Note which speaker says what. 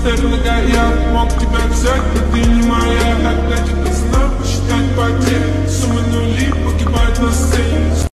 Speaker 1: Üstlerimi got yap